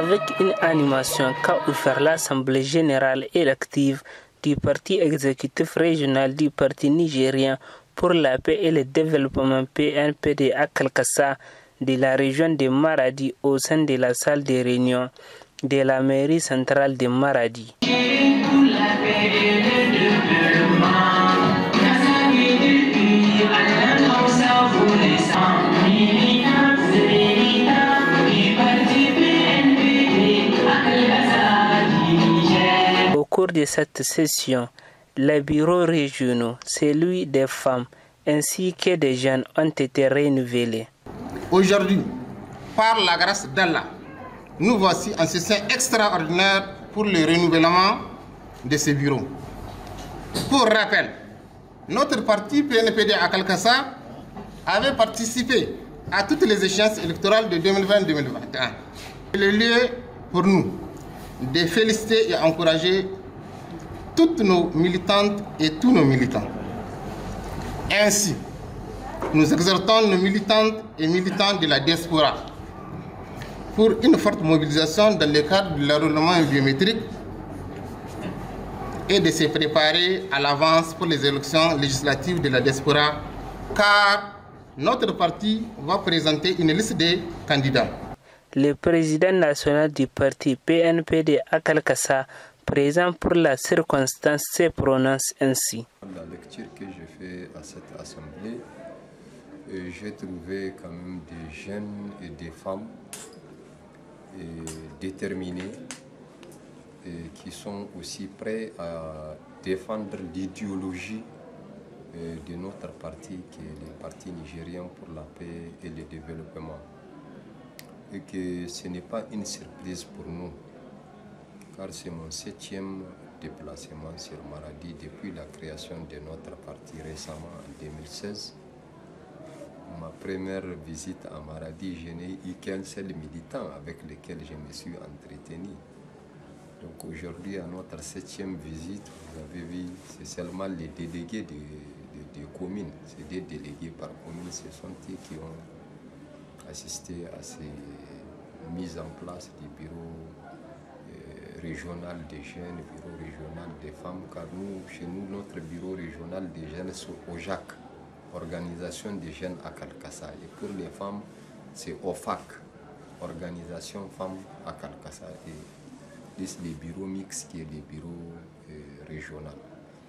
avec une animation qu'a offert l'Assemblée générale élective du Parti exécutif régional du Parti nigérien pour la paix et le développement PNPD à Kalkassa de la région de Maradi au sein de la salle de réunion de la mairie centrale de Maradi. de cette session, les bureaux régionaux, celui des femmes ainsi que des jeunes ont été renouvelés. Aujourd'hui, par la grâce d'Allah, nous voici en session extraordinaire pour le renouvellement de ces bureaux. Pour rappel, notre parti PNPD à Calcassa avait participé à toutes les échéances électorales de 2020-2021. Le lieu pour nous de féliciter et encourager toutes nos militantes et tous nos militants. Ainsi, nous exhortons nos militantes et militants de la diaspora pour une forte mobilisation dans le cadre de l'enrôlement biométrique et de se préparer à l'avance pour les élections législatives de la diaspora car notre parti va présenter une liste de candidats. Le président national du parti PNP de Akalkassa présent pour la circonstance se prononce ainsi. La lecture que j'ai faite à cette assemblée, euh, j'ai trouvé quand même des jeunes et des femmes euh, déterminées déterminés euh, et qui sont aussi prêts à défendre l'idéologie de notre parti, qui est le Parti nigérien pour la paix et le développement. Et que ce n'est pas une surprise pour nous c'est mon septième déplacement sur Maradi depuis la création de notre parti récemment en 2016. Ma première visite à Maradi, je n'ai eu qu'un seul militant avec lequel je me suis entretenu. Donc aujourd'hui, à notre septième visite, vous avez vu, c'est seulement les délégués des de, communes, c'est des délégués par commune, ce sont eux qui ont assisté à ces mises en place du bureau régional des jeunes, bureau régional des femmes, car nous, chez nous, notre bureau régional des jeunes, c'est OJAC, Organisation des jeunes à Calcassa. Et pour les femmes, c'est OFAC, Organisation Femmes à Calcassa. Et c'est les bureaux mixtes qui est des bureaux euh, régionaux.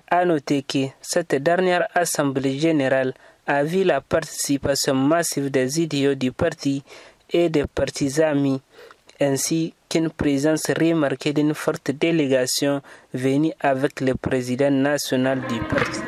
À noter que cette dernière assemblée générale a vu la participation massive des idiots du parti et des partis amis ainsi qu'une présence remarquée d'une forte délégation venue avec le président national du parti.